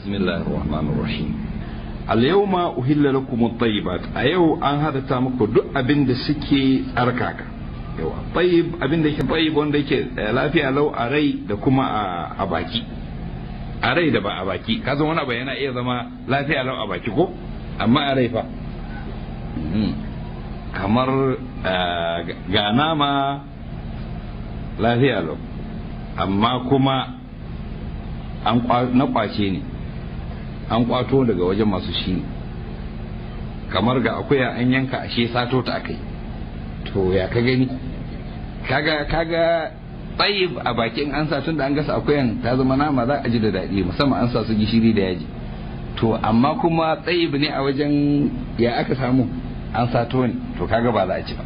بسم الله الرحمن الرحيم اليوم أهل لكم الطيبات أيو أن هذا تامكو دو أبن سكي أركاك أركاكا طيب أبند ديك طيب وان كي لا في لو أري دكما أباكي أري دبا أباكي كذا وانا بينا إيه ما لا في لو أباكي كو أما أري فا kamar ga nama lafiya lau amma kuma na kwace ne an kwato daga wajen masu shi kamar ga akuya an yanka ashe sato ta akai to ya ka gani kaga kaga tsayib a bakin an sa da an gasa akuyan ta zama nama za a ji da daɗi musamman an sa su gishiri da yaji to amma kuma tsayib ne a wajen ya aka samu an sato ne to kaga ba za a ci ba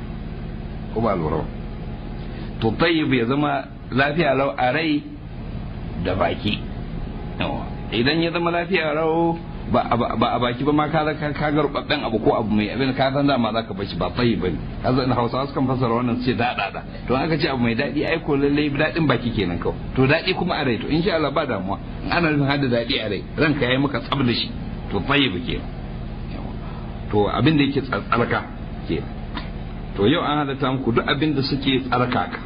ko ba lura to tsayib ya zama lafiya lau a rai da baki idan ya zama lafiya rawo ba a baki ba ma ka ka garbabben abu ko abu mai abin ka san dama zaka bashi ba bai bane kaza Hausa Hausawa kan fasara wannan su ce da da da to aka ce abu mai dadi ai ko lalle dadin baki kenan kawai to dadi kuma a rai to insha Allah ba damuwa in ana rin hada dadi a rai ranka yayi maka tsabda shi to bai ba kenan to abin da yake tsarka ke. to yau an halatta muku duk abin da suke tsarkaka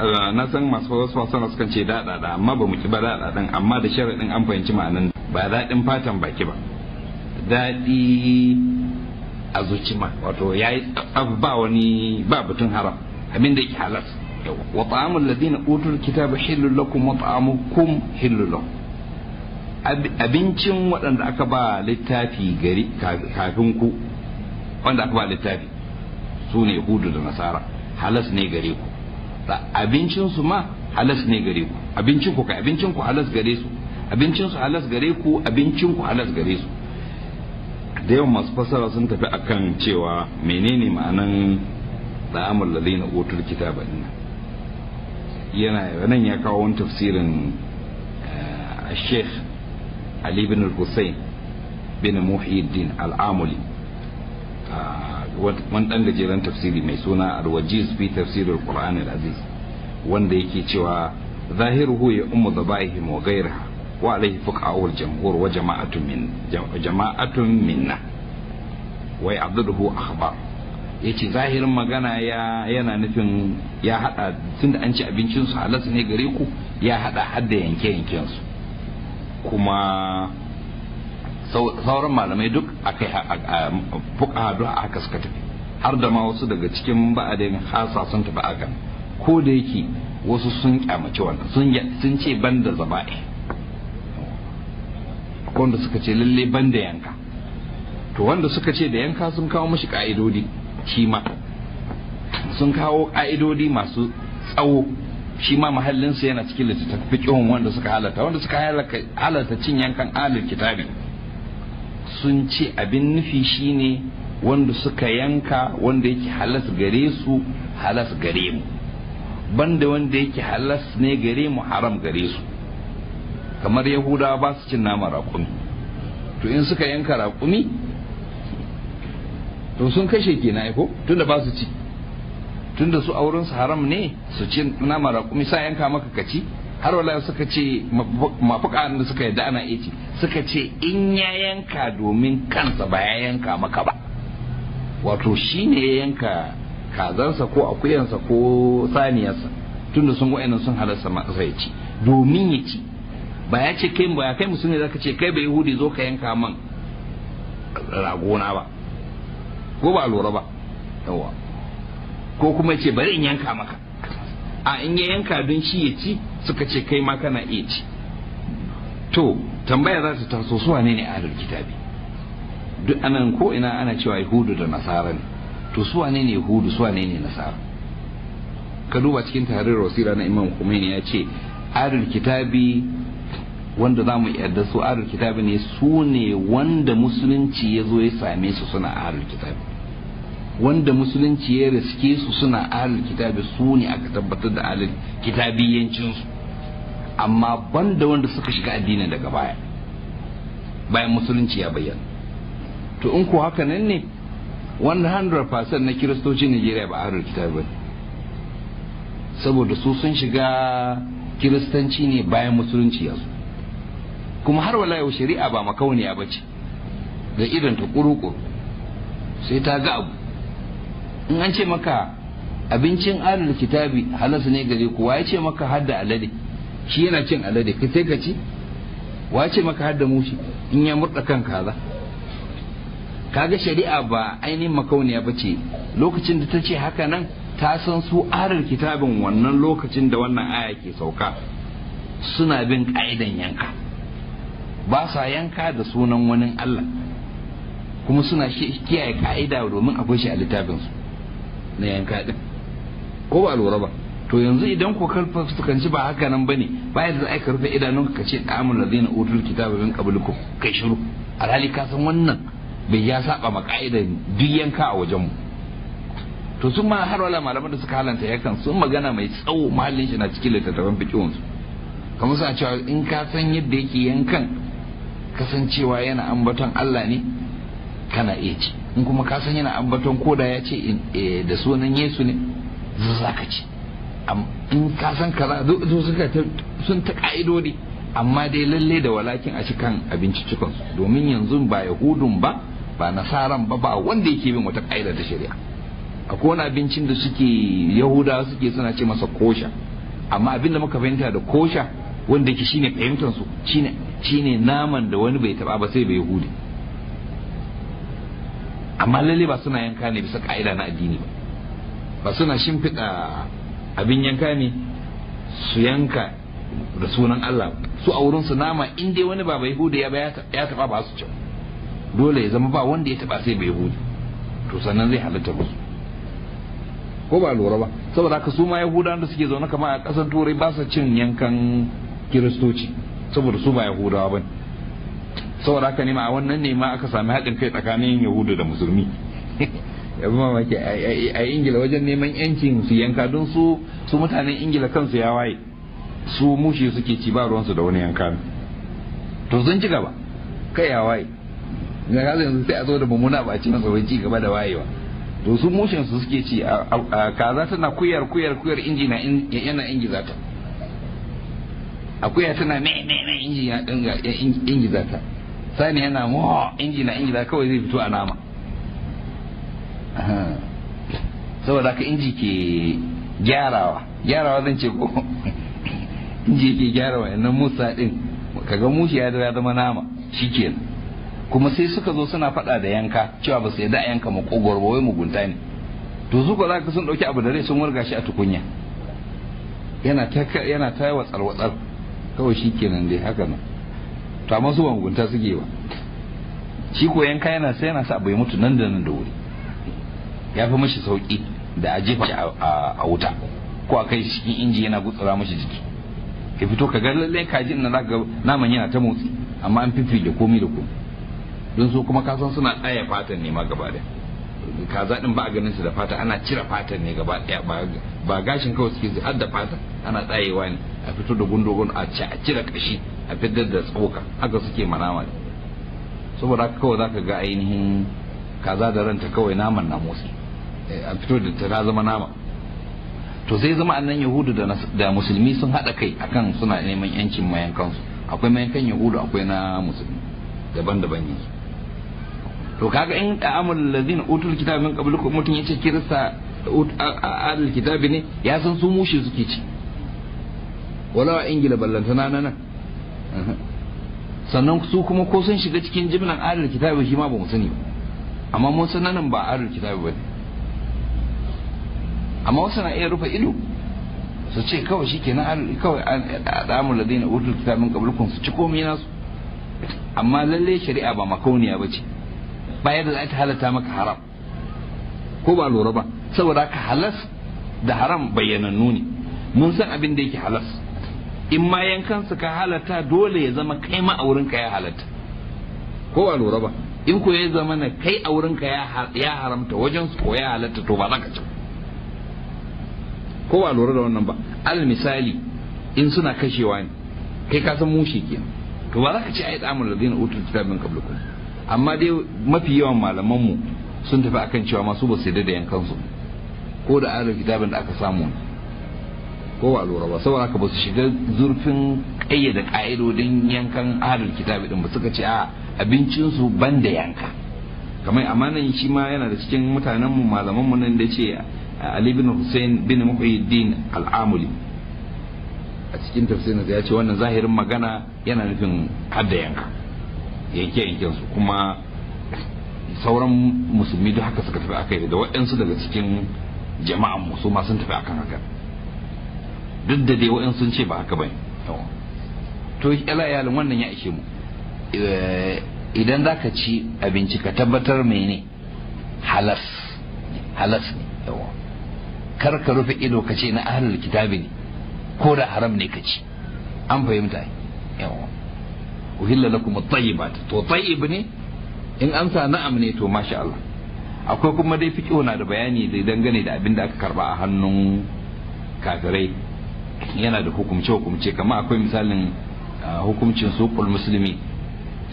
Eh, na san masu wasu wasan sukan ce daɗaɗa amma ba mu ba daɗaɗan amma da sharaɗin an fahimci ma'anan ba daɗin fatan baki ba daɗi a zuci ma wato ya yi ba wani ba batun haram abin da yake halas wa ta'amul ladina utul kitaba hillu lakum wa ta'amukum kum lakum abincin waɗanda aka ba littafi gari kafin ku wanda aka ba littafi su ne hudu da nasara halas ne gare ku abincin su ma halas ne gare ku abincin ku kai abincin ku halas gare su abincin su halas gare ku abincin ku halas gare su da yawan masu fasara sun tafi akan cewa menene ma'anan da'amul ladina utul kitaba din yana nan ya kawo wani tafsirin eh, Sheikh Ali bin Hussein bin Muhyiddin Al-Amuli ah, wani dan gajeren tafsiri mai suna alwajiz fi tafsirin qur'an al-aziz wanda yake cewa zahiruhu ya ummu dhabaihim wa ghayriha wa alayhi fuqa'u al-jamhur wa jama'atun min jama'atun minna wa ya'dudu akhbar yace zahirin magana ya yana nufin ya hada tunda an ci abincin su halas ne gare ku ya hada hadda yanke yanken su kuma sauran malamai duk akai fuqaha a haka suka tafi har da ma wasu daga cikin ba'adin hasa sun tafi a kan ko da yake wasu sun kyamaci wannan sun sun ce banda zaba'i wanda suka ce lalle banda yanka to wanda suka ce da yanka sun kawo mashi ka'idodi shi ma sun kawo ka'idodi masu tsawo shi ma mahallinsa yana cikin littattafan wanda suka halarta wanda suka halarta cin yankan alil kitabi sun ce abin nufi shine wanda suka yanka wanda yake halas gare su halas gare mu banda wanda yake halas ne gare mu haram gare su kamar yahudawa ba su cin nama raƙumi to in suka yanka raƙumi to sun kashe kenan ko tunda ba su ci tunda su auren su haram ne su cin nama raƙumi sa yanka maka kaci har wala suka ce mafuka da suka yadda ana ita suka ce in ya yanka domin kansa ba ya yanka maka ba wato shi ne ya yanka kazansa ko akuyansa ko saniyarsa tunda sun wa'annan sun halarsa masa ya ci domin ya ci ba ya ce kai ba kai musulmi zaka ce kai ba yahudi zo ka yanka man ragona ba ko ba lura ba yawa ko kuma ce bari in yanka maka a in ya yanka don shi ya ci suka ce kai ma kana iya ci to tambaya za ta taso su wane ne ahlul kitabi duk anan ko ina ana cewa yahudu da nasara ne to su wane ne yahudu su wane ne nasara ka duba cikin tahrir wasira na imam khomeini ya ce ahlul kitabi wanda za mu yarda su ahlul kitabi ne su ne wanda musulunci ya zo ya same su suna ahlul kitabi wanda musulunci ya riske su suna ahlul kitabi su ne aka tabbatar da ahlul kitabiyancin su amma ban da wanda suka shiga addinin daga baya bayan musulunci ya bayyana to in ko haka nan ne 100% na kiristocin Najeriya ba ahlul kitab ba saboda su sun shiga kiristanci ne bayan musulunci ya zo kuma har wala yau shari'a ba makauniya ba ce ga idan ta kurukuru sai ta ga abu in an ce maka abincin ahlul kitabi halasu ne gare kuwa ya ce maka hadda alade shi yana cin alade ka sai ka ci wace maka har da mushi in ya murda kan kaza kaga shari'a ba ainihin makauniya ba ce lokacin da ta ce haka nan ta san su arar kitabin wannan lokacin da wannan aya ke sauka suna bin ka'idan yanka ba sa yanka da sunan wani Allah kuma suna kiyaye ka'ida domin akwai shi a littafinsu na yanka din ko ba lura ba to yanzu idan ku karfa fuskanci ba haka nan bane ba da za a karfe idanunka ka ce amul ladina utul kitaba min qablikum kai shiru alhali ka san wannan bai ya saba ma ka'idar duk yanka a wajen mu to sun ma har wala malaman da suka halanta yakan sun magana mai tsawo mahallin shi na cikin littattafan fikihun su kamar suna cewa in ka san yadda yake yankan kasancewa yana ambaton Allah ne kana iya ci in kuma ka san yana ambaton koda ya ce eh, da sunan Yesu ne za ka ci in ka san kaza su suka sun ta ka'idodi amma dai lalle da walakin a cikin abinci cikin domin yanzu ba yahudun ba ba nasaran ba ba wanda yake bin wata ka'ida ta shari'a akwai wani abincin da suke yahudawa suke suna ce masa kosha amma abin da muka fahimta da kosha wanda yake shine fahimtar su shine shine naman da wani bai taba ba sai bai yahudi amma lalle ba suna yanka ne bisa ka'ida na addini ba ba suna shimfiɗa abin yanka ne su yanka da sunan Allah su a wurinsu su nama in dai wani baba yahudi ya ya taba ba su cewa dole ya zama ba wanda ya taba sai bai yahudi to sannan zai halatta musu ko ba lura ba saboda haka su ma yahudawan da suke zaune kama a kasar turai ba su cin yankan kiristoci saboda su ba yahudawa ba saboda haka ne a wannan nema aka sami haɗin kai tsakanin yahudu da musulmi yabi mamaki a ingila wajen neman yancin su yanka don su su mutanen ingila kansu ya waye su mushi suke ci ba ruwansu da wani yanka to sun ci gaba kai ya waye ga kaza yanzu sai a zo da mummuna ba a ci masa ci gaba da wayewa to su mushin su suke ci a kaza tana kuyar kuyar kuyar inji na yana ingiza ta akuya tana ne me me inji ya ingiza ta sani yana mo inji na ingiza kawai zai fito a nama saboda ka inji ke gyarawa gyarawa zan ce ko inji ke gyarawa yannan musa din kaga mushi ya zama nama shikenan kuma sai suka zo suna faɗa da yanka cewa ba su yadda a yanka makogwar ba wai mugunta ne to zuko za ka sun ɗauki abu da rai sun warga shi a tukunya yana ta yana ta watsar watsar kawai shikenan dai haka nan to amma su ba mugunta suke ba shi ko yanka yana sai yana sa bai mutu nan da nan da wuri ya fi mashi sauki da a jefa shi a wuta ko a kai cikin inji yana gutsura mashi jiki ka fito ka ga lallai kajin na zaka naman yana ta motsi amma an fifige komi da komi don so kuma kasan suna tsaya fatan ne ma gaba da kaza din ba a ganin su da fata ana cire fatan ne gaba daya ba gashin kawai suke zai har da ana tsayewa ne a fito da gundogon a cire kashi a fitar da tsoka haka suke manama ne saboda haka kawai zaka ga ainihin kaza da ranta kawai naman na motsi Eh, a fito da ta zama nama to sai zama annan yahudu da musulmi sun haɗa kai akan suna neman yancin mayankansu akwai mayankan yahudu akwai na musulmi daban-daban ne to kaga in ta'amul ladina utul kitab min qablukum mutun yace kirista al kitabi ne ya san su mushe suke ci wala ingila ballantana na nan sannan su kuma ko sun shiga cikin jimlan adal kitabi shi ma ba mu sani ba amma mun san nan ba adal kitabi ba ne amma wasu na iya rufe ido su ce kawai shi kenan kawai al'amun ladai na utul kitabin kabulkun su ci komai nasu amma lalle shari'a ba makauniya ba ce ba yadda za ta halatta maka haram ko ba lura ba saboda ka halas da haram bayyanannu ne mun san abin da yake halas in ma yankan su ka halatta dole ya zama kai ma a wurin ka ya halatta ko ba lura ba in ko ya zama na kai a wurin ka ya haramta wajen su ko ya halatta to ba za ka ci ko ba lura da wannan ba al misali in suna kashewa ne kai ka san mushi ke to ba za ka ce ai tsamul ladin utul kitab min qablukum amma dai mafi yawan malaman mu sun tafi akan cewa masu ba su da yankan su ko da ahlul kitabin da aka samu ko ba lura ba saboda haka ba su shiga zurfin kayyada ka'idodin yankan ahlul kitabi din ba suka ce a abincin su banda yanka kamar amanan shi ma yana da cikin mutanen mu malaman mu nan da ce ali bin hussein bin muhyiddin al'amuli a cikin tafsirin ya ce wannan zahirin magana yana nufin hadda yanka yanke yanken su kuma sauran musulmi duk haka suka tafi akai da waɗansu daga cikin jama'an musu ma sun tafi akan haka duk da dai waɗansu sun ce ba haka bane to ya iyalin wannan ya ishe mu eh, idan za ka ci abinci ka tabbatar mene halas halas ne yawa kar ka rufe ido ka ce na ahlul kitabi ne ko da haram ne ka ci an fahimta yawa uhilla lakum at-tayyibat to tayyib ne in an sa na'am ne to masha Allah akwai kuma dai fiqo na da bayani da dangane da abin da aka karba a hannun kafirai yana da hukumce hukumce kama akwai misalin hukumcin suqul muslimi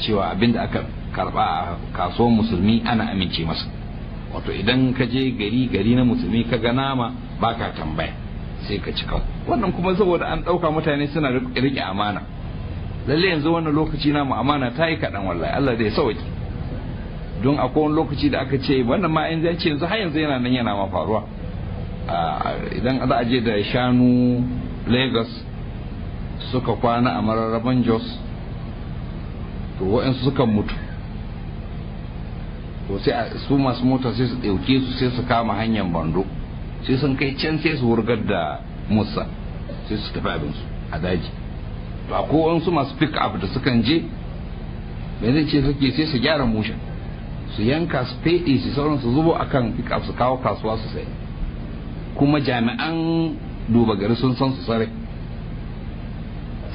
cewa abin da aka karba a kasuwar musulmi ana amince masa wato idan ka je gari gari na musulmi ka ga nama baka tambaya sai ka cika wannan kuma saboda an ɗauka mutane suna rike amana lalle yanzu wannan lokaci mu amana ta yi kaɗan wallahi Allah zai sauki don akwai wani lokaci da aka ce wannan ma yanzu ya ce yanzu har yanzu yana nan yana ma faruwa idan za a je da shanu lagos suka kwana a mararraban jos to waɗansu suka mutu to sai su masu mota sai su ɗauke su sai su kama hanyar bando sai sun kai can sai su wurgar da musa sai su tafi abin su a daji to ko wansu masu pick up da sukan je me zai ce suke sai su gyara mushin su yanka su feɗe su sauran su zubo akan pick up su kawo kasuwa su sai kuma jami'an duba gari sun san su sare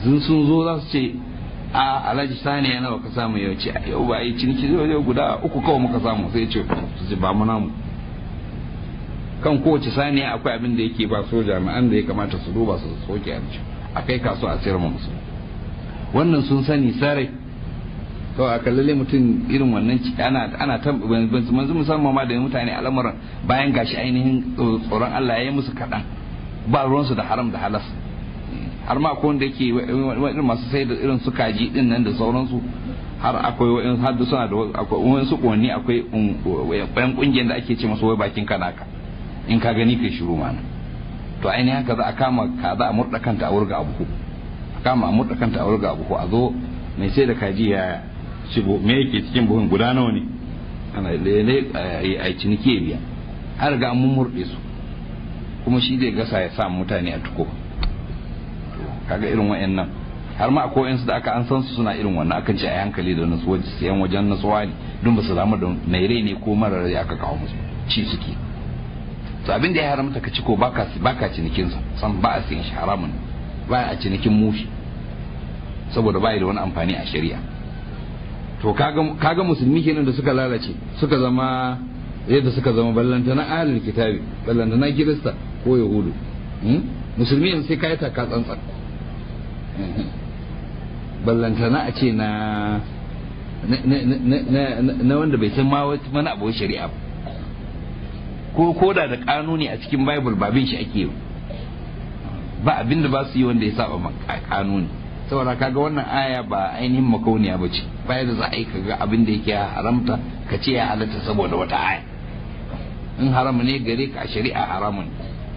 sun sun zo za su ce a alhaji sani nawa ka samu yau ce yau ba yi ciniki yau guda uku kawai muka samu sai ce ba mu namu kan kowace saniya akwai abin da yake ba so jami'an da ya kamata su duba su soke a a kai kasuwa a sayar ma musu wannan sun sani sarai to a kallalle mutum irin wannan ana ana ta manzu musamman ma da mutane al'amuran bayan gashi ainihin tsoron Allah ya yi musu kaɗan ba ruwansu da haram da halas har ma akwai wanda yake wa'in masu sai da irin su kaji din nan da sauransu har akwai wa'in haddu da suna da wa'in su kwanni akwai wa'in kungiyar da ake ce masu wai bakin kanaka in ka gani kai shiru mana to ainihin haka za a kama kaza a murɗa kanta a wurga abu a kama a murɗa kanta a wurga abu a zo mai sai da kaji ya shigo me yake cikin buhun guda nawa ne ana lele a ciniki ya biya har ga mun mummurɗe su kuma shi zai gasa ya sa mutane a tukowa. kaga irin wa'annan har ma akwai yansu da aka an san su suna irin wannan akan ce a hankali da nasuwa sayan wajen nasuwa ne don ba su zama da mai rai ne ko marar rai aka kawo musu ci suke to abin da ya haramta ka ci ko baka baka cinikin sa san ba a sayan shi haramun ba a cinikin mushi saboda bai da wani amfani a shari'a to kaga kaga musulmi kenan da suka lalace suka zama yadda suka zama ballanta na alil kitabi ballanta na kirista ko yahudu hmm? musulmi yanzu sai ka yi taka tsantsan ballantana a ce na na wanda bai san ma mana abuwa shari'a ko koda da kanuni a cikin bible babin shi ake yi ba abin da ba su yi wanda ya saba kanuni saboda kaga wannan aya ba ainihin makauniya ba ce bayan da za a yi kaga abin da yake haramta ka ce ya halatta saboda wata aya in haramu ne gare ka shari'a haramun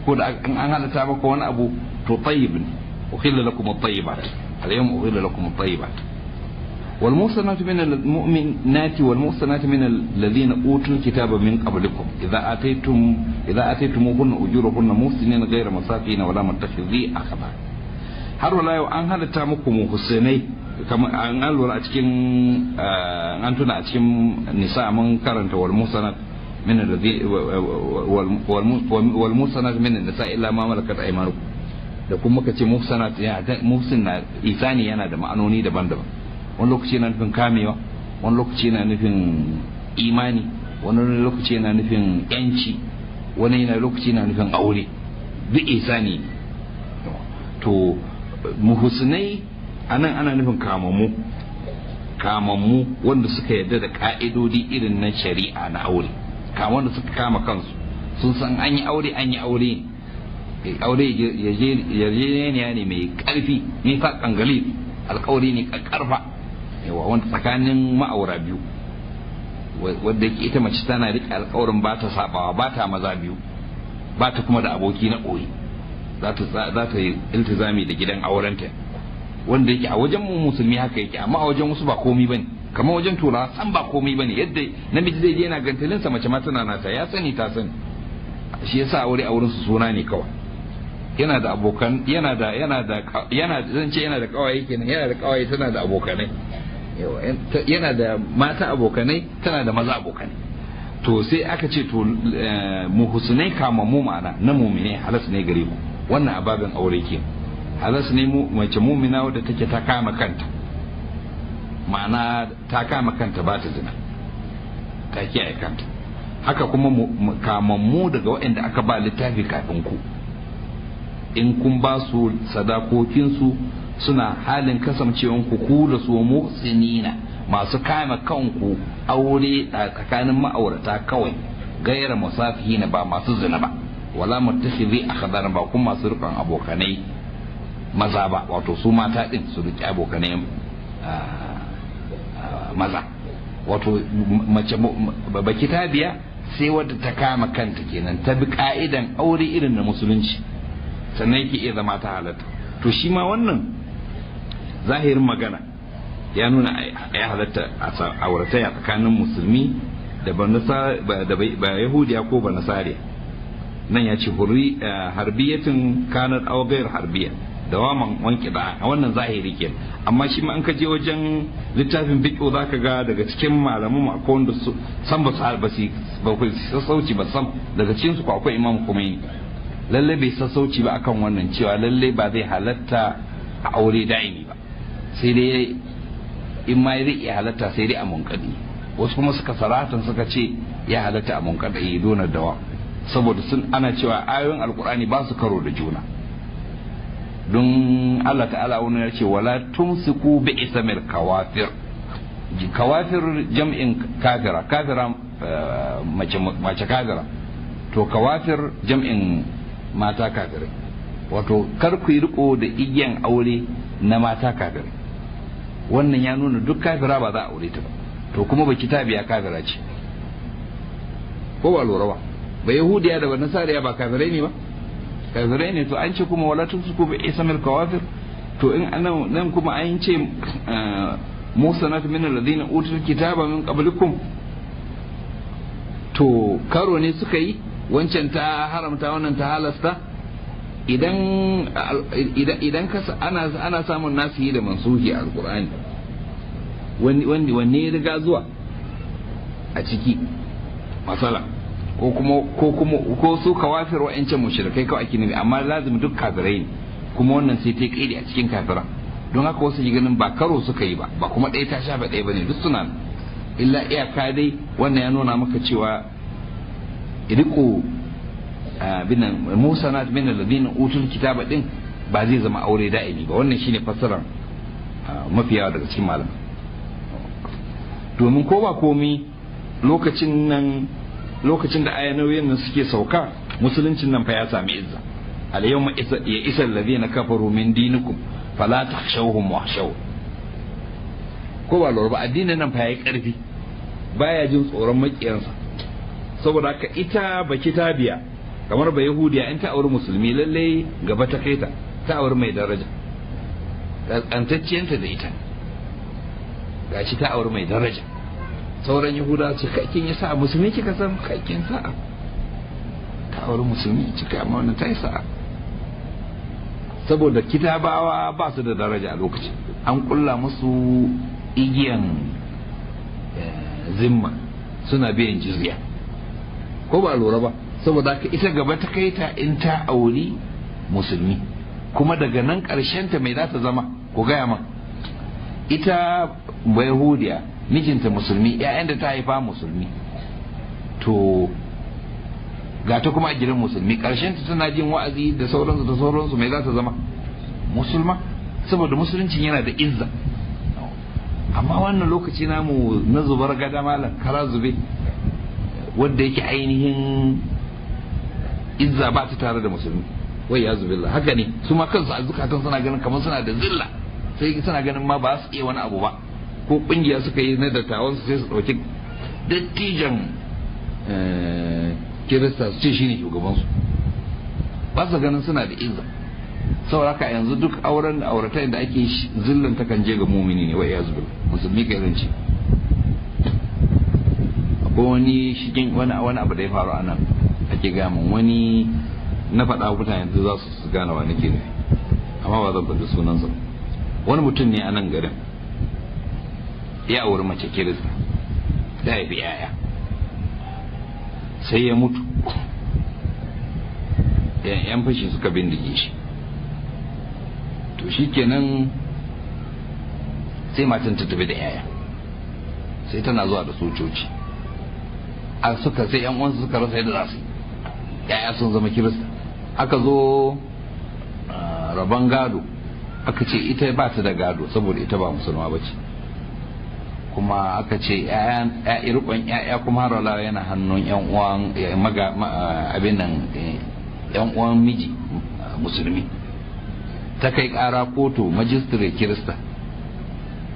ko da an halatta maka wani abu to tayyib ne أحل لكم الطيبات اليوم أحل لكم الطيبات والمحصنات من المؤمنات والمحصنات من الذين أوتوا الكتاب من قبلكم إذا آتيتم إذا آتيتموهن أجورهن محسنين غير مساكين ولا متخذي أخذا har wala yau an halatta muku muhsinai an lura a cikin an tuna a cikin nisa mun karanta wal musanat min wal musanat min nisa illa ma malakat aymanukum da kuma muka ce muhsanat muhsin na isani yana da ma'anoni daban-daban wani lokaci yana nufin kamewa wani lokaci yana nufin imani wani lokaci yana nufin yanci wani yana lokaci yana nufin aure duk isani to muhusnai anan ana nufin kamammu kamammu wanda suka yarda da ka'idodi irin na shari'a na aure wanda suka kama kansu sun san an yi aure an yi aure ne aure yarjejeniya ne mai karfi mai faƙan kangali alƙawari ne ƙarfa yawa wanda tsakanin ma'aura biyu wadda ke ita mace tana riƙe alƙawarin ba ta sabawa ba ta maza biyu ba ta kuma da aboki na koyi za ta yi iltizami da gidan aurenta wanda yake a wajen musulmi haka yake amma a wajen wasu ba komi bane kamar wajen turawa san ba komi bane yadda namiji zai je yana gantalinsa mace ma tana nata ya sani ta sani shi yasa aure a su suna ne kawai yana da abokan yana da yana da yana zan ce yana da kawaye kenan yana da kawaye tana da abokanai yana da mata abokanai tana da maza abokanai to sai aka ce to eh, muhusnai kama mu ma'ana na mumine halas ne gare ku wannan ababen aure ke halas ne mu mace mumina wadda take ta kama kanta ma'ana ta kama kanta ba ta zina ta kiyaye kanta haka kuma kamammu daga waɗanda aka ba littafi kafin ku in kun ba su sadakokinsu suna halin kasancewanku ku da su sinina masu kama kanku aure a tsakanin ma'aurata kawai gaira na ba masu zina ba wala a akhdar ba kuma masu rikon abokanai maza ba wato su mata din su riki abokanai maza wato mace ta biya sai wadda ta kama kanta kenan ta bi ka'idan aure irin na musulunci sannan yake iya zama ta halatta to shi ma wannan zahirin magana ya nuna a ya halatta a aurataya tsakanin musulmi da ba yahudiya ko ba nasariya nan ya ce harbiyatin kanar augayar harbiya da waman wanki da wannan zahiri ke amma shi ma an ka je wajen littafin biƙo za ka ga daga cikin malaman akwai wanda san ba su sassauci ba sam daga cikin su akwai imam yi. lalle bai sassauci ba akan wannan cewa lalle ba zai halatta a aure da'imi ba sai dai in ma zai iya halatta sai dai a munkadi wasu kuma suka saratan suka ce ya halatta a munkadi dona eh, dawa saboda sun ana cewa ayoyin alkur'ani ba su karo da juna don Allah ta'ala wani ya ce wala tumsiku bi isamil kawafir kawafir jam'in kafira kafira eh, mace kafira to kawafir jam'in mata kafirai wato kar ku yi riko da igiyan aure na mata kafirai wannan ya nuna duk kafira ba za a aure ta ba to kuma baki ta biya kafira ce ko ba lura ba ba yahudiya da ba nasariya ba kafirai ne ba kafirai ne to an ce kuma wala tusku bi isamil kawafir to in anan nan kuma an ce eh, musanat min alladhina utul kitaba min qablikum to karo ne suka yi wancan ta haramta wannan ta halasta idan idan ana ana samun nasihi da mansuhi a alqur'ani wani wanne ya riga zuwa a ciki masala ko kuma ko kuma ko su kawafir wa'ancan mushrikai kawai ake nabi amma lazim duk kafirai ne kuma wannan sai ta kaidi a cikin kafira don haka wasu yi ganin ba karo suka yi ba ba kuma ɗaya ta shafa ɗaya ba ne duk suna illa iyaka dai wannan ya nuna maka cewa riko binan na min alladhina utul kitaba din ba zai zama aure da'imi ba wannan shine fassarar mafiya daga cikin malamai domin ko ba komi lokacin nan lokacin da ayyanoyin nan suke sauka musuluncin nan fa ya sami izza al yawma ya isa alladhina kafaru min dinikum fala tahshawhum wahshaw ko ba lorba ba addinin nan fa yayi karfi baya jin tsoron makiyansa saboda haka ita ba tabiya kamar ba yahudiya in ta auri musulmi lalle gaba ta kai ta ta auri mai daraja kantacciyanta da ita shi ta auri mai daraja sauran yahuda su kakin ya sa'a musulmi kika san kakin sa'a ta auri musulmi cika amma wani ta yi sa'a saboda kitabawa ba su da daraja a lokacin an kulla musu igiyan eh, zimma suna biyan jizya ko ba lura ba saboda ka ita gaba ta kai ta in ta auri musulmi kuma daga nan ta mai za ta zama ku gaya man ita bayahudiya mijinta musulmi 'ya'yan da ta haifa musulmi to ga ta kuma a gidan musulmi karshen ta tana jin wa'azi da sauransu da sauransu mai za ta zama musulma saboda musuluncin yana da izza amma wannan lokaci namu na zubar gada malam kara zube wanda yake ainihin izza ba ta tare da musulmi wai ya zubilla haka ne su ma kansu a zukatan suna ganin kamar suna da zilla sai suna ganin ma ba su iya wani abu ba ko kungiya suka yi na dattawan su sai su dauki dattijan eh, kirista su ce shi shugaban su ba su ganin suna da izza ka yanzu duk auren auratayin da ake zillan takan je ga mumini ne wai ya zubilla musulmi ka zance ko wani shigin wani wani abu da ya faru a nan ake gamin wani na faɗa mutane yanzu za su gane wa nake nufi amma ba zan faɗi sunansa wani mutum ne a nan garin ya auri mace kirista ya haifi yaya sai ya mutu yan fashi suka bindige shi to shi kenan sai matan ta tafi da yaya sai tana zuwa da sojoji a suka sai yan uwansu suka rasa yadda za su yaya sun zama kirista aka zo rabon gado aka ce ita ba ta da gado saboda ita ba musulma ba ce kuma aka ce ya rikon ya'ya kuma harala yana hannun yan uwan abin nan eh, yan uwan miji musulmi ta kai kara kotu majistare kirista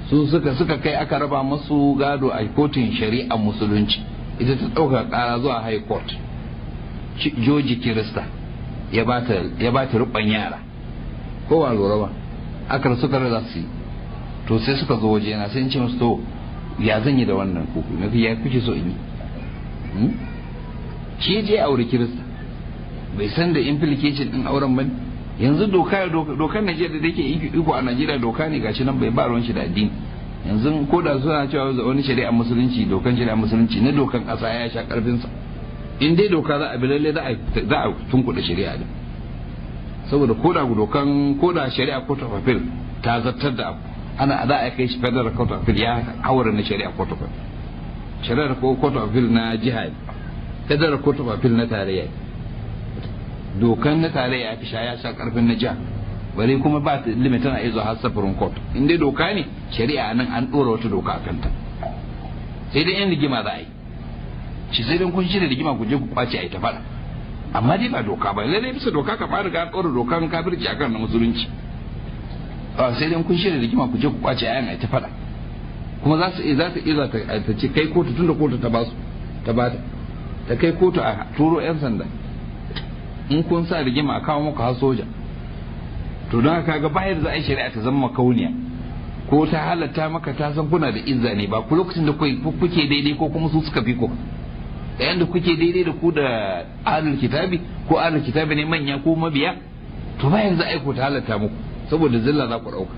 su suka suka kai aka raba masu gado a kotun shari'a musulunci ita ta ɗauka ƙara zuwa high court joji kirista ya ba ta ruban yara ko ba lura ba aka suka da za su yi to sai suka zo waje na sai in ce musu to ya zan yi da wannan kuku na ya kuke so in yi hmm? ke je aure kirista bai san da implication din auren ba yanzu doka dokan Najeriya da take iko a Najeriya doka ne gashi nan bai ba ruwan shi da addini yanzu ko da suna cewa wani shari'a musulunci dokan shari'a musulunci na dokan kasa ya sha karfinsa in dai doka za a bi lalle za a tunkuɗa shari'a ne saboda ko da dokan ko da shari'a court of appeal ta zartar da abu ana za a kai shi federal court of appeal ya haura na shari'a court of appeal shari'ar court of appeal na jiha federal court of appeal na tarayya dokan na tarayya ya fi sha ya sha karfin na jiha bare kuma ba limit tana iya zuwa har safarin court in dai doka ne shari'a nan an dora wata doka a kanta sai dai yan rigima za a yi shi sai dai kun shirya rigima ku je ku kwace a yi ta faɗa amma dai ba doka ba lalle bisa doka ka ba riga dora dokan kafirci akan na musulunci sai dai kun shirya rigima ku je ku kwace ayan a yi ta faɗa kuma za su za ta iya ta ce kai kotu tunda kotu ta basu ta bata ta kai kotu a turo yan sanda in kun sa rigima a kawo muku har soja to don haka ga bayar za a shari'a ta zama makauniya ko ta halatta maka ta san kuna da izza ne ba ku lokacin da kuke daidai ko kuma su suka fi ku yayin da kuke daidai da ku da ahlul kitabi ko ahlul kitabi ne manya ko mabiya to bayan za a ku ta halatta muku saboda zilla za ku dauka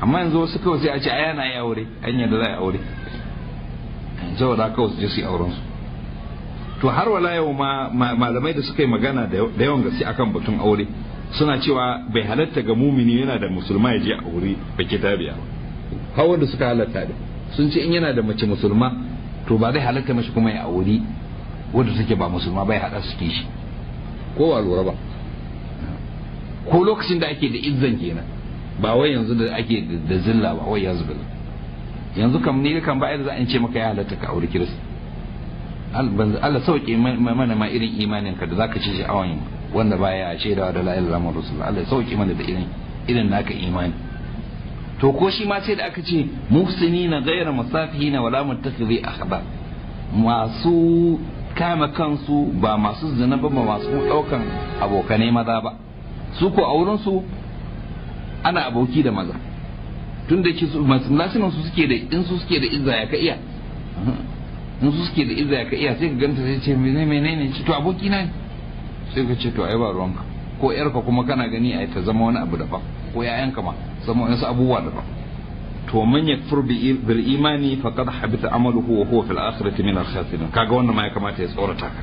amma yanzu wasu kawai sai a ce aya na yi aure hanyar da za a aure da kawai su je su yi auren su to har wala yau ma malamai da suka yi magana da yawan gaske akan batun aure suna cewa bai halatta ga mumini yana da musulma ya je a wuri ba kitabiya ba hawa da suka halatta da sun ce in yana da mace musulma to ba zai halatta mashi kuma ya auri wanda suke ba musulma bai hada su shi. ko ba lura ba ko lokacin da ake da izzan kenan ba wai yanzu da ake da zilla ba wai yanzu yanzu kam ni kan ba za a ce maka ya halatta ka aure kirista Allah sauke mana ma irin imanin ka da zaka ci sha'awan wanda baya shaidawa da la ilaha illallah rasul Allah sauke mana da irin irin naka imani to ko shi ma sai da aka ce muhsinina ghayra musafihina wala muttakhidhi akhba masu kama kansu ba masu zina ba masu daukan abokanai maza ba su ko auren su ana aboki da maza tun da ke masu lasinan su suke da in su suke da izza ya ka iya musu suke da izza ka iya sai ka ganta sai ce mene menene ce to aboki na sai ka ce to ai ba ruwanka ko yarka kuma kana gani ai ta zama wani abu daban ko yayanka ma zama wani abubuwa daban to man yakfur bil imani faqad habita amaluhu wa huwa fil akhirati min al khasirin kaga wannan ma ya kamata ya tsorata ka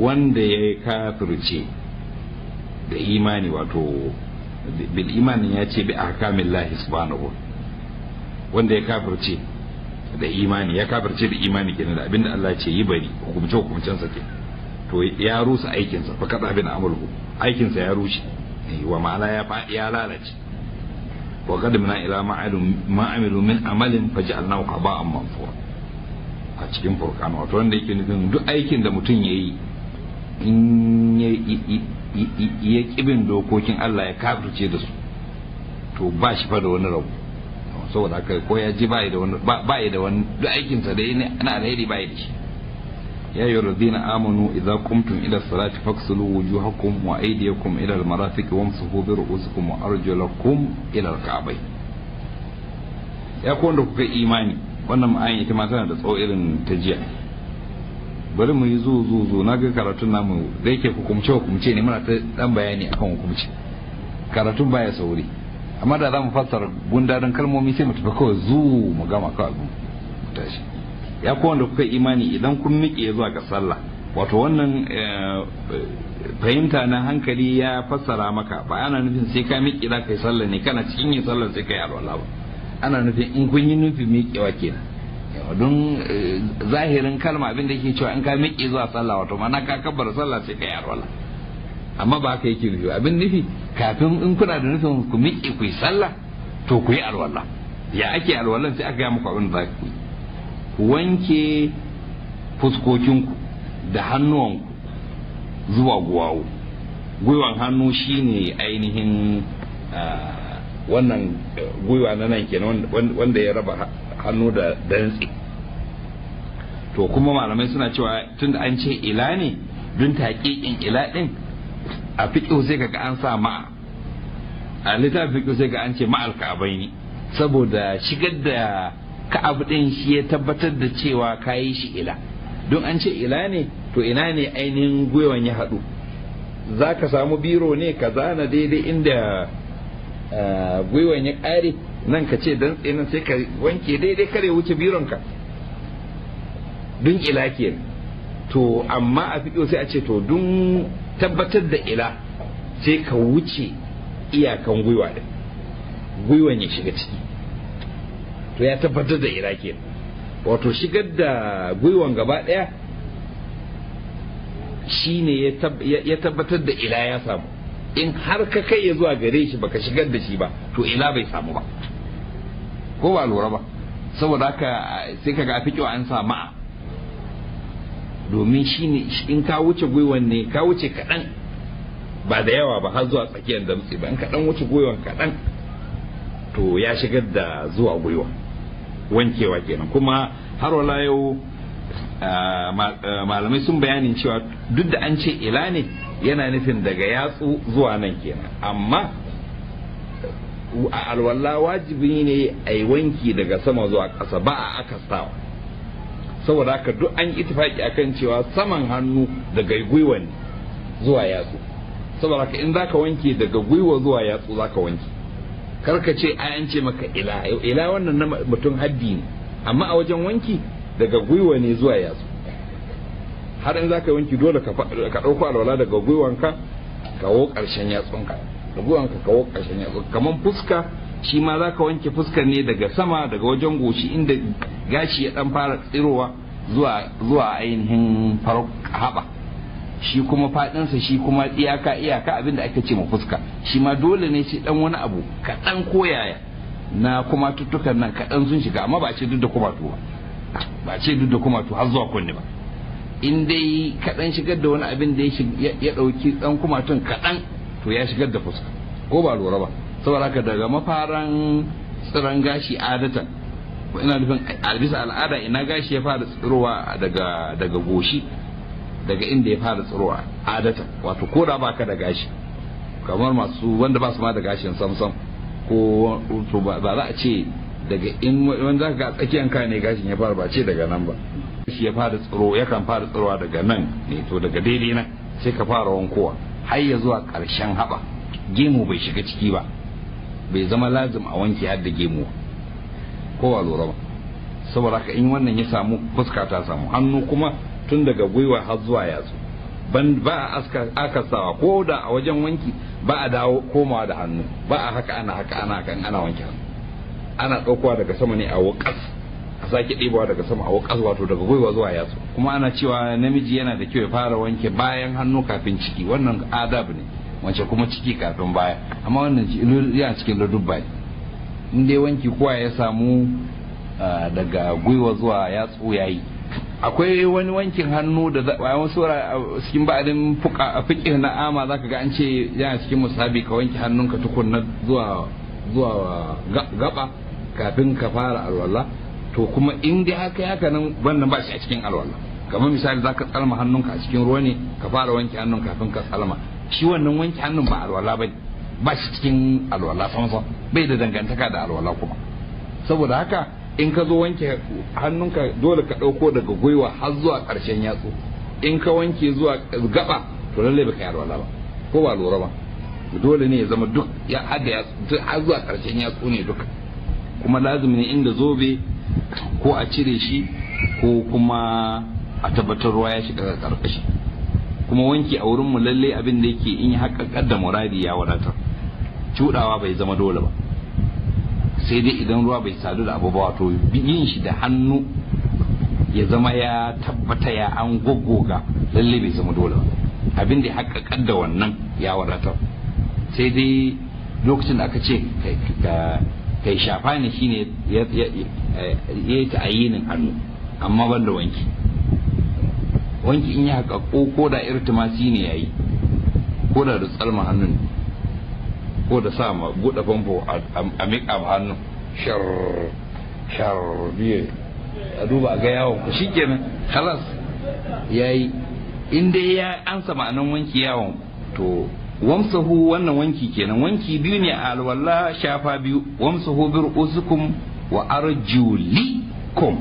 wanda ya kafirce da imani wato bil imani ya ce bi ahkamillahi subhanahu wanda ya kafirce da imani ya kafirce da imani kenan da abinda Allah ce yi bari hukumce hukumcen sa ke to ya rusa aikin sa fakat abin amurku aikin sa ya rushe eh, wa ma'ala ya ya lalace wa min ila ma ma'amilu min amalin faj'alnahu qaba'an manfura a cikin furqan wato wanda yake nufin duk aikin da mutum yayi in ya kibin dokokin Allah ya kafirce da su to ba shi fa da wani rabu saboda haka ko ya ji bai da wani bai da wani duk aikin sa da yi ana yadi bai da shi ya yi radina amanu idza qumtum ila salati faksulu wujuhakum wa aydiyakum ila almarafiq wamsuhu bi ru'usikum wa arjulakum ila alka'bay ya ko wanda kuka imani wannan ma'ayin ita ma tana da tsawo irin ta jiya bari mu yi zuzuzu na ga karatun namu da yake hukumce hukumce ne muna ta dan bayani akan hukumce karatun baya sauri amma da za mu fassara gundarin kalmomi sai mu tafi kawai zu mu gama kawai mu tashi ya kowa da kuka imani idan kun miƙe zuwa ga sallah wato wannan eh, fahimta na hankali ya fassara maka ba ana nufin sai ka miƙe za ka yi sallah ne kana cikin yin sallah sai ka yi alwala ba ana nufin in kun yi nufin miƙewa kenan don eh, zahirin kalma abin da ke cewa in ka miƙe zuwa sallah wato mana ka kabbar sallah sai ka yi alwala amma ba haka yake nufi abin nufi kafin in kuna da nufin ku miƙe ku yi sallah to ku yi alwala ya ake alwalan sai aka ya muku abin da ku ku wanke fuskokinku da hannuwanku zuwa guwawo gwiwan hannu shine ainihin wannan eh, gwiwa na nan kenan wanda ya raba hannu da dantse to kuma malamai suna cewa tunda an ce ila ne don taƙiƙin ila ɗin a fiƙihu sai ga an sa ma'a a littafin fiƙihu sai ga an ce ma'al ne saboda shigar da abu ɗin shi ya tabbatar da cewa ka yi shi ila don an ce ila ne to ina ne ainihin gwiwan ya haɗu za ka samu biro ne ka zana daidai inda gwiwan ya ƙare nan ka ce don tsinin sai ka wanke daidai kare wuce bironka don ila kenan to amma a fiƙo sai a ce to dun tabbatar da ila sai ka wuce iyakan gwiwa din gwiwan ya shiga ciki to ya tabbatar da ila ke wato shigar da gwiwan gaba daya shine ya tabbatar da ila ya samu in har ka kai ya zuwa gare shi baka shigar da shi ba to ila bai samu ba ko ba lura ba saboda haka sai kaga a fiƙo an sa ma'a domin shi ne in ka wuce gwiwan ne ka wuce kaɗan ba da yawa ba har zuwa tsakiyar damtse ba in kaɗan wuce gwiwan kaɗan to ya shigar da zuwa gwiwa wankewa kenan kuma har wala yau malamai sun bayanin cewa duk da an ce ila ne yana nufin daga yatsu zuwa nan kenan amma a alwala wajibi ne a yi wanki daga sama zuwa ƙasa ba a akasawa saboda haka duk an yi itifaki akan cewa saman hannu daga gwiwa ne zuwa yatsu saboda haka in zaka wanke daga gwiwa zuwa yatsu zaka wanke Kar ka ce ai an ce maka ila ila wannan na mutum haddi ne amma a wajen wanki daga gwiwa ne zuwa yatsu har in zaka wanki dole ka ɗauko alwala daga gwiwanka ka wo ƙarshen yatsunka da gwiwanka ka wo ƙarshen yatsunka kaman fuska shi ma za ka wanke fuskar ne daga sama daga wajen goshi inda gashi ya dan fara tsirowa zuwa zuwa ainihin farko haɓa shi kuma faɗinsa shi kuma iyaka iyaka abinda ake ce ma fuska shi ma dole ne shi dan wani abu kaɗan koyaya na kuma tuttukan nan kaɗan sun shiga amma ba ce duk da kumatu ba ba ce duk da kumatu har zuwa kunne ba in dai kaɗan shigar da wani abin da ya ɗauki ɗan kumatun kaɗan to ya shigar da fuska ko ba lura ba saboda haka daga mafaran tsiran gashi adatan ina nufin albisa bisa al'ada ina gashi ya fara tsirowa daga daga goshi daga inda ya fara tsirowa adatan wato ko da baka da gashi kamar masu wanda ba su ma da gashin samsam ko ba za a ce daga in wanda ga tsakiyan ka ne gashin ya fara ba ce daga nan ba shi ya fara tsiro kan fara tsirowa daga nan ne to daga daidai nan sai ka fara wankowa har ya zuwa ƙarshen haɓa gemu bai shiga ciki ba bai zama lazim a wanke har da gemu ko a lura ba saboda haka in wannan ya samu fuska ta samu hannu kuma tun daga gwiwa har zuwa yatsu ban ba a aska akasawa ko da a wajen wanki ba a dawo komawa da hannu ba a haka ana haka ana haka ana wanke hannu ana ɗaukowa daga sama ne a wakas a sake ɗebawa daga sama a wakas wato daga gwiwa zuwa yatsu kuma ana cewa namiji yana da kyau ya fara wanke bayan hannu kafin ciki wannan adab ne mace kuma ciki kafin baya amma wannan ya cikin da ne in dai wanki kuwa ya samu daga gwiwa zuwa yatsu yayi akwai wani wankin hannu da a wasu cikin ba'adin fiƙih na ama zaka ga an ce yana cikin musabi ka wanke hannunka tukunna zuwa zuwa gaba kafin ka fara alwala to kuma in dai haka ya nan wannan ba shi a cikin alwala kamar misali zaka tsalma hannunka a cikin ruwa ne ka fara wanke hannun kafin ka tsalma shi wannan wanke hannun ba alwala ba ba shi cikin alwala fansa bai da dangantaka da alwala kuma saboda haka in ka zo wanke hannunka dole ka ɗauko daga gwiwa har zuwa ƙarshen yatsu in ka wanke zuwa gaba to lallai ka yi alwala ba ko ba lura ba dole ne ya zama duk ya hada yatsu har zuwa ƙarshen yatsu ne duka kuma lazumi ne inda zobe ko a cire shi ko kuma a tabbatar ruwa ya shiga ƙarƙashi kuma wanki a wurinmu lalle abin da yake in haƙaƙar da muradi ya wadatar cuɗawa bai zama dole ba sai dai idan ruwa bai sadu da abubuwa to yin shi da hannu ya zama ya tabbata ya an goggoga lalle bai zama dole ba abin da ya haƙaƙar da wannan ya wadatar sai dai lokacin da aka ce kai shafa ne shine ya yi ta ayyinin hannu amma ban da wanki wanki in yi haka ko da irin tumasi ne yi ko da tsalma hannun ko da sa ma buɗe famfo a miƙa ma hannun shar biyu. a duba ga yawon ku kenan halas ya in dai ya ansa ma'anin wanki yawon to wamsahu wannan wanki kenan wanki biyu ne a alwala shafa biyu wamsahu bir usukum wa arjulikum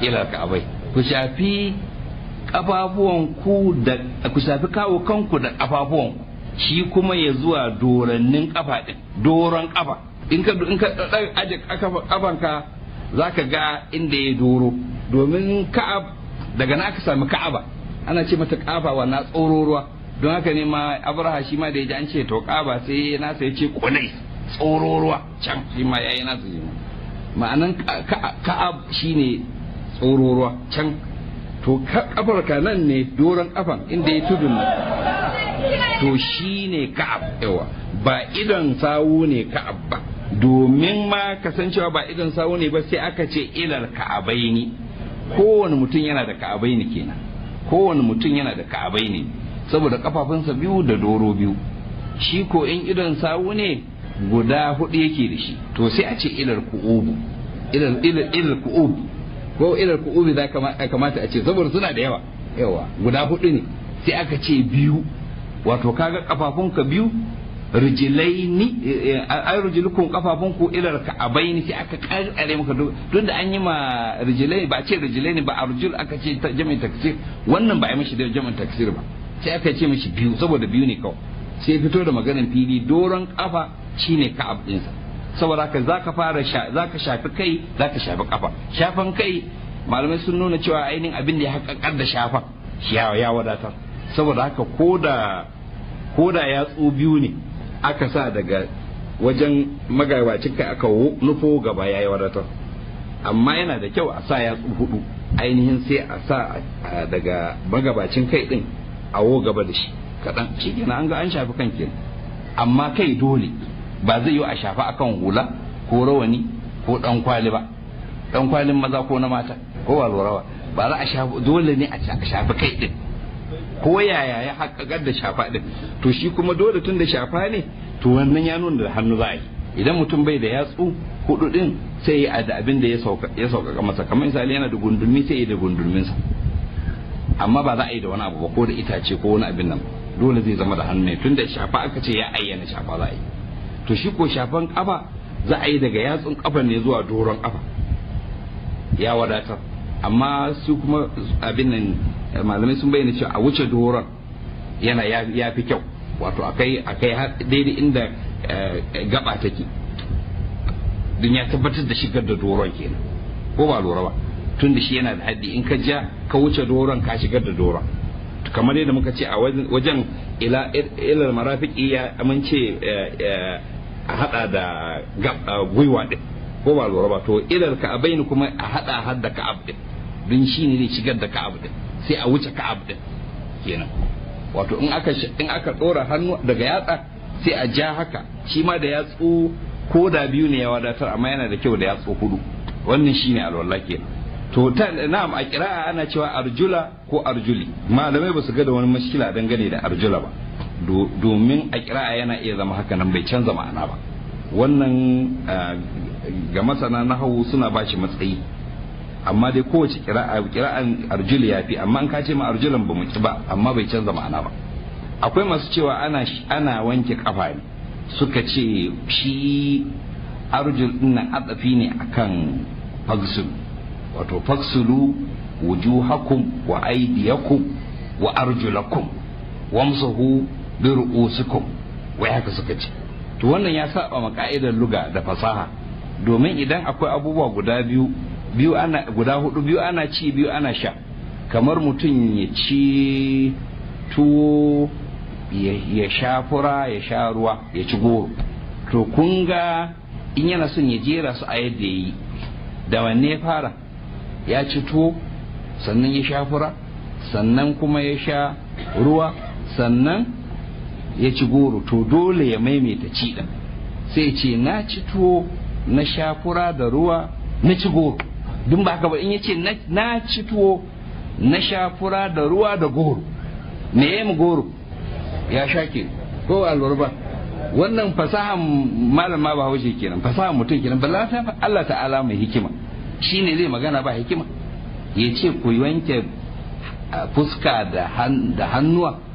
ila ka'abai ku shafi ku da ku shafi kawo kanku da ƙafafuwanku shi kuma ya zuwa dorannin ƙafa ɗin doron ƙafa in ka in ka aje ƙafanka za ka ga inda ya doro domin ka'ab daga na aka sami ka'aba ana ce mata ƙafa na tsororuwa don haka ne ma abraha shi ma da ya ji an ce to ƙaba sai nasa ya ce kunai tsororuwa can shi ma ya yi nasa ma'anan ka'ab shine tsororuwa can to afirka nan ne doron kafan inda ya tudun to shi ne ka'ab yawa ba idon sawu ne ka'ab ba domin ma kasancewa ba idon sawu ne ba sai aka ce ilar ne kowane mutum yana da ne kenan kowane mutum yana da ne saboda kafafunsa biyu da doro biyu shi ko in idon sawu ne guda hudu yake da shi to sai a ce ilar ku'ubu ilar ilar ilar ku'ubu ko ku ku'ubi za kamata a ce saboda suna da yawa yawa guda hudu ne sai aka ce biyu wato kaga kafafunka biyu rijilaini eh, eh, an rijilukum kafafunku ilar ka'abaini sai aka kare maka duk da an yi ma rijilaini ba a ce rijilaini ba arjul aka ce jami'in taksir wannan ba a yi mishi da jami'in taksir ba sai aka ce mishi biyu saboda biyu ne kawai sai fito da maganin fili doron kafa shine ka'ab ɗinsa saboda haka zaka fara zaka shafi kai zaka shafi kafa shafan kai malamai sun nuna cewa ainihin abin da ya haƙaƙar da shafa ya wadatar saboda haka koda koda yatsu biyu ne aka sa daga wajen magabacin kai aka nufo gaba ya yi wadatar amma yana da kyau a sa yatsu hudu ainihin sai a sa daga magabacin kai din wo gaba da shi kaɗan shi an ga an shafi kan kenan amma kai dole ba zai yi a shafa akan hula ko rawani ko dan kwali ba dan kwalin maza ko na mata ko ba rawa ba za a shafa dole ne a shafa kai din ko yaya ya haƙa da shafa din to shi kuma dole tun da shafa ne to wannan ya nuna da hannu za a yi idan mutum bai da yatsu hudu din sai ya da abin da ya sauƙaƙa masa kamar misali yana da gundumi sai ya da gundulminsa amma ba za a yi da wani abu ba ko da itace ko wani abin nan dole zai zama da hannu ne tun da shafa aka ce ya ayyana shafa za a yi to shi ko shafan kafa za a yi daga yatsun kafa ne zuwa doron kafa ya wadatar amma su kuma abin nan malamai sun bayyana cewa a wuce doron yana ya fi kyau wato akai akai daidai inda eh, gaba take don ya tabbatar da shigar da doron kenan ko ba lura ba tun da shi yana da haddi in ka ja ka wuce doron ka shigar da doron kamar yadda muka ce a wajen ilal marafiki ya amince eh, eh, a hada da gwiwa din ko ba lura ba to ka abaini kuma a hada har da ka'ab din shine ne shigar da ka'ab din sai a wuce ka'ab din kenan wato in aka in aka dora hannu daga yatsa sai a ja haka shi ma da yatsu ko da biyu ne ya wadatar amma yana da kyau da yatsu hudu wannan shine alwala kenan to ta na'am a kira'a ana cewa arjula ko arjuli malamai ba su ga da wani mashkila dangane da arjula ba domin a kira'a yana iya zama haka nan bai canza ma'ana ba wannan ga masana na hau suna ba shi matsayi amma dai kowace kira'an arjul ya fi amma an ka ma arjulan ba mu ba amma bai canza ma'ana ba akwai masu cewa ana wanke kafa ne suka ce shi arjul din atsafi ne akan fagsul wato fagsulu wujuhakum wa aydiyakum wa arjulakum wamsahu bi wai haka suka ce to wannan ya saba ma ka'idar luga da fasaha domin idan akwai abubuwa guda biyu biyu ana guda hudu biyu ana ci biyu ana sha kamar mutum ya ci tuwo ya sha fura ya sha ruwa ya ci goro to kun ga in yana son ya jera su a yadda ya yi da wanne ya fara ya ci tuwo sannan ya sha fura sannan kuma ya sha ruwa sannan ya ci goro to dole ya maimaita ci ɗin sai ce na ci tuwo na shafura da ruwa na ci goro duk ba haka ba in ya ce na ci tuwo na shafura da ruwa da goro me ya mu goro ya sha ke ko alwar ba wannan fasahan malam ma ba haushe kenan fasahan mutum kenan balla ta Allah ta'ala mai hikima shine zai magana ba hikima ya ce ku wanke fuska da hannuwa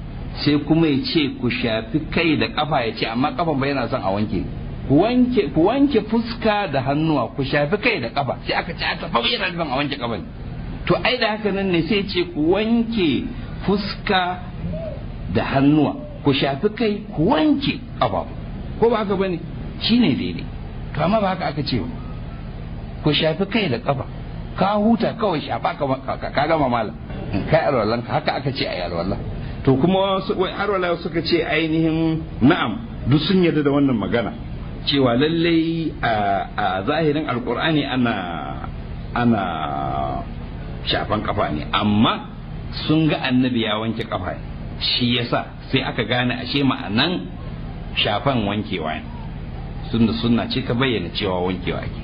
sai kuma ya ce ku shafi kai da kafa ya ce amma kafan ba yana son a wanke ku wanke fuska da hannuwa ku shafi kai da kafa sai aka ce aka ah, fawo yana son a wanke kafan to ai da haka nan ne sai ce ku wanke fuska da hannuwa ku shafi kai ku wanke kafa ko ba haka bane ne daidai to amma ba haka aka ce ba ku shafi kai da kafa ka huta kawai shafa ka gama malam kai alwallanka haka aka ce a yi alwallanka to kuma har wala suka ce ainihin na'am duk sun yarda da wannan magana cewa lallai a zahirin alkur'ani ana ana shafan kafa ne amma sun ga annabi ya wanke kafa shi yasa sai aka gane ashe ma'anan shafan wankewa ne sun da sunna ce ta bayyana cewa wankewa ke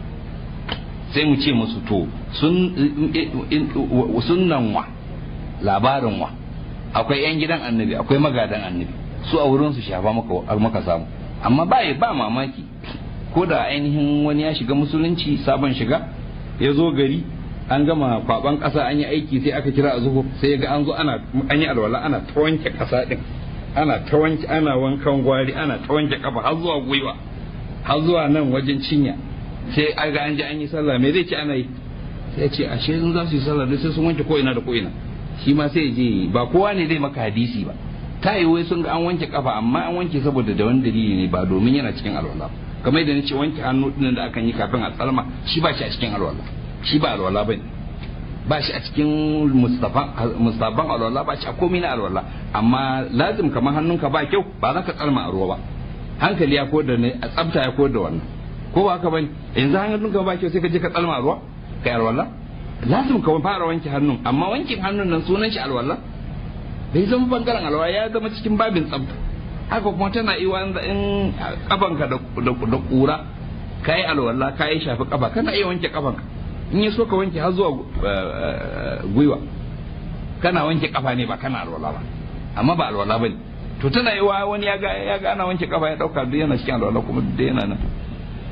sai mu ce musu to sunnan wa labarin wa akwai yan gidan annabi akwai magadan annabi su a wurin su shafa maka samu amma ba ba mamaki ko da ainihin wani ya shiga musulunci sabon shiga ya zo gari an gama kwaban kasa an yi aiki sai aka kira a zuhu sai ga an zo ana an yi alwala ana ta wanke kasa din ana ta wanke ana wankan gwari ana ta wanke kafa har zuwa gwiwa har zuwa nan wajen cinya sai aga an ji an yi sallah me zai ce ana yi sai ce ashe sun za su yi sallah sai sun wanke ko ina da ko ina shi ma sai je ba kowa ne zai maka hadisi ba ta yi wai sun ga an wanke kafa amma an wanke saboda da wani dalili ne ba domin yana cikin alwala kamar yadda nace wanke hannu din da akan yi kafin a tsalma shi ba shi a cikin alwala shi ba alwala bane ba shi a cikin mustaban alwala ba shi a komai na alwala amma lazim kamar hannunka ba kyau ba za ka tsalma a ruwa ba hankali ya koda ne a tsabta ya koda wannan ko ba haka bane yanzu hannunka ba kyau sai ka je ka tsalma a ruwa ka yi alwala lazim ka fara wanke hannun amma wankin hannun nan sunan shi alwala bai zama bangaren alwala ya zama cikin babin tsafta haka kuma tana iwa in kafanka da kura ka yi alwala ka yi shafi kafa kana iya wanke kafanka in yi so ka wanke har zuwa eh, gwiwa kana wanke kafa ne ba kana alwala ba amma ba alwala ba ne to tana iwa wani ya ga ana wanke kafa ya dauka duk yana cikin alwala kuma duk yana nan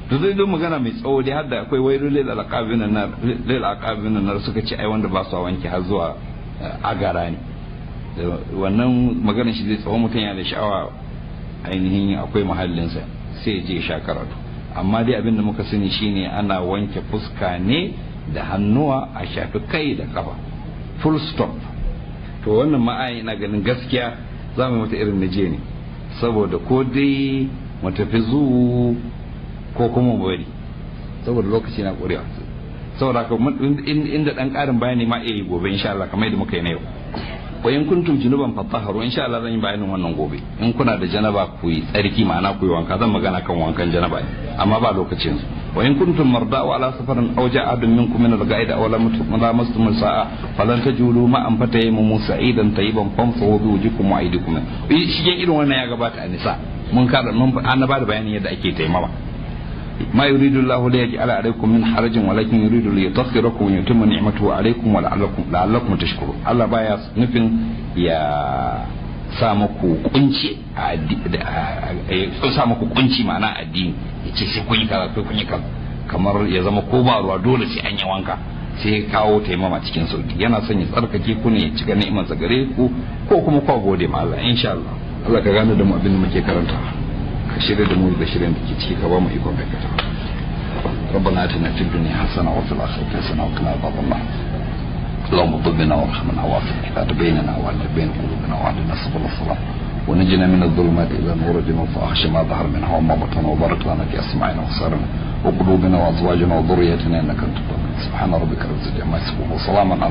to zai don magana mai tsawo dai har akwai wairu lil alqabin nan lil suka ce ai wanda ba su wanke har zuwa eh, agara ne wannan maganar shi zai tsawo mutum yana da sha'awa ainihin akwai sa sai je sha karatu amma dai abin da muka sani shine ana wanke fuska ne da hannuwa a shafi kai da kafa full stop to wannan ma'ayi ina ganin gaskiya za mu mata irin na je ne saboda ko dai mu tafi ko kuma mu bari saboda lokaci na ƙurewa saboda ka inda ɗan ƙarin bayani ma iya eh yi gobe insha Allah kamar yadda muka yi na yau wa in kuntum junuban fatahharu insha Allah zan yi bayani wannan gobe in kuna da janaba ku yi tsarki ma'ana ku yi wanka zan magana kan wankan janaba amma ba lokacin su ko in kuntum marda wa ala safarin auja adun min minkum min al-ghaid aw lam tamassum sa'a falan tajulu ma an fataye mu musa'idan tayiban famsahu bi wujukum wa aydikum shi ke irin wannan ya gabata a nisa mun kada mun annaba da bayanin yadda ake taimama ما يريد الله ليجعل عليكم من حرج ولكن يريد ليطهركم ويتم نعمته عليكم ولعلكم لعلكم تشكرون الله بايا نفن يا sa kunci a sun sa muku kunci ma'ana addini ya ce sai kun yi kaza sai kun yi kaza kamar ya zama ko ba ruwa dole sai an yi wanka sai ya kawo taimama cikin sauki yana son ya tsarkake ku ne ya cika ni'imar gare ku ko kuma ku gode ma Allah insha Allah Allah ka gane da mu abin da muke karanta ka shirya da mu da shirin da ke ciki ربنا اتنا في الدنيا حسنه وفي الاخره حسنه وقنا عذاب النار اللهم ضبنا وارحمنا واغفر عباد بيننا وعدل بين قلوبنا وعدل سبل الصلاه ونجنا من الظلمات الى النور بما فاحش ما ظهر منها وما بطن وبارك لنا في اسماعنا وخسرنا وقلوبنا وازواجنا وذريتنا انك انت سبحان ربك رب العزه عما يصفون وسلاما